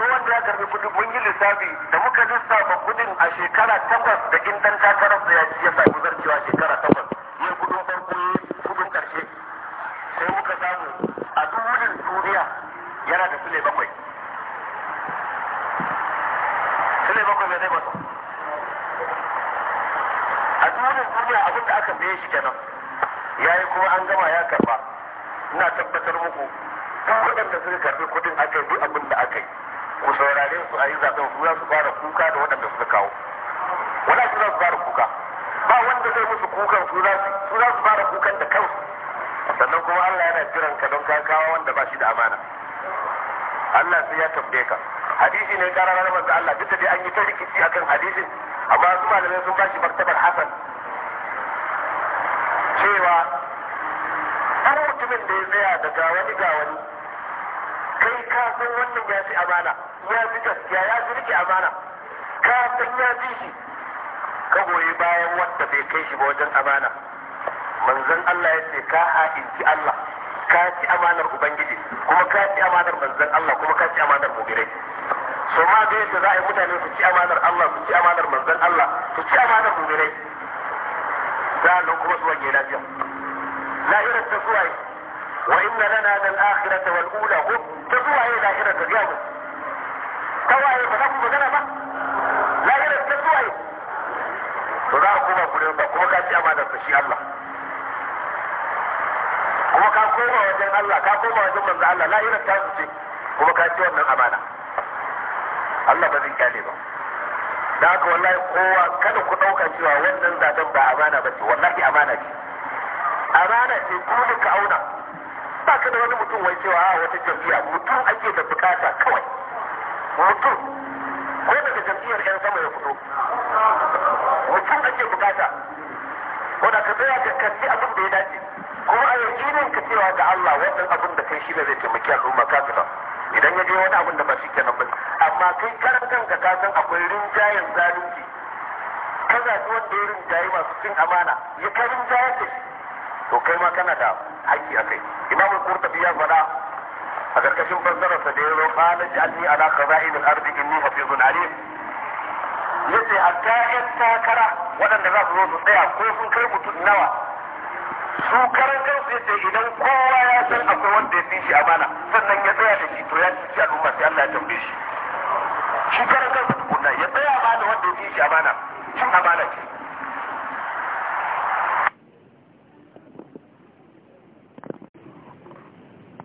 ko wanda ya karbi kudi mun yi lissafi da muka lissafa kudin a shekara takwas da in dan takarar da ya ci ya samu zarcewa shekara takwas ya kudin farko ya kudin karshe sai muka samu a duk wurin duniya yana da sule bakwai sule bakwai ne ba a duk wurin duniya abin da aka biye shi kenan ya yi kuma an gama ya karba ina tabbatar muku duk waɗanda suka karbi kudin aka yi duk abin da aka yi ku saurare su a yi zaɓen su za su fara kuka da waɗanda suka kawo wala su za su fara kuka ba wanda zai musu kukan su za su za su fara kukan da kansu sannan kuma Allah yana jiran ka don ka kawo wanda ba shi da amana Allah sai ya tambaye ka hadisi ne karar manzo Allah duk da dai an yi ta rikici akan hadisin amma su malamai sun bashi martabar hasan cewa an mutumin da ya tsaya daga wani ga wani kai ka san wannan ya fi amana ya fi gaskiya ya fi rike amana ka san ya fi shi ka goyi bayan wanda bai kai shi ba wajen amana manzon Allah ya ce ka ha'inci Allah ka ci amanar ubangiji kuma ka ci amanar manzon Allah kuma ka ci amanar mu'minai so ma ga yadda za a yi mutane su ci amanar Allah su ci amanar manzon Allah su ci amanar mu'minai sa'annan kuma su wange lafiya lahirar ta suwaye wa inna lana lal akhirata wal zuwa ne kawai ba za ku magana ba lahira ta zuwa ne to za ku koma gurin ba kuma ka ci amana da shi Allah kuma ka koma wajen Allah ka koma wajen manzo Allah lahira ta zuce kuma ka ci wannan amana Allah ba zai kyale ba da haka wallahi kowa kada ku ɗauka cewa wannan zaben ba amana ba ce wallahi amana ce amana ce kuma ka auna ba ka da wani mutum wai cewa a ah, wata jam'iyya mutum ake da bukata kawai mutum ko daga jam'iyyar yan sama ya fito mutum ake bukata ko da ka tsaya ka kalli abin da ya dace kuma a yakinin ka cewa da Allah wannan abin da kai shi ne zai taimaki al'umma kafira idan ya je wani abin da ba shi kenan ba amma kai karan kanka ka san akwai rinjayen zalunci ka zaɓi wanda ya rinjayi masu cin amana ya ka rinjaye da shi to kai ma kana da haƙƙi a kai imamu Kurtabi ya faɗa a karkashin fassararsa da yazo qala ja'alni ala khaza'in al-ard inni hafizun alim yace hatta yan takara waɗanda za su zo su tsaya ko sun kai mutum nawa su karan su yace idan kowa ya san akwai wanda ya fi shi amana sannan ya tsaya da shi to ya ci al'umma sai Allah ya tambaye shi shi karan kansu tukunna ya tsaya amana wanda ya fi shi amana cin amana ce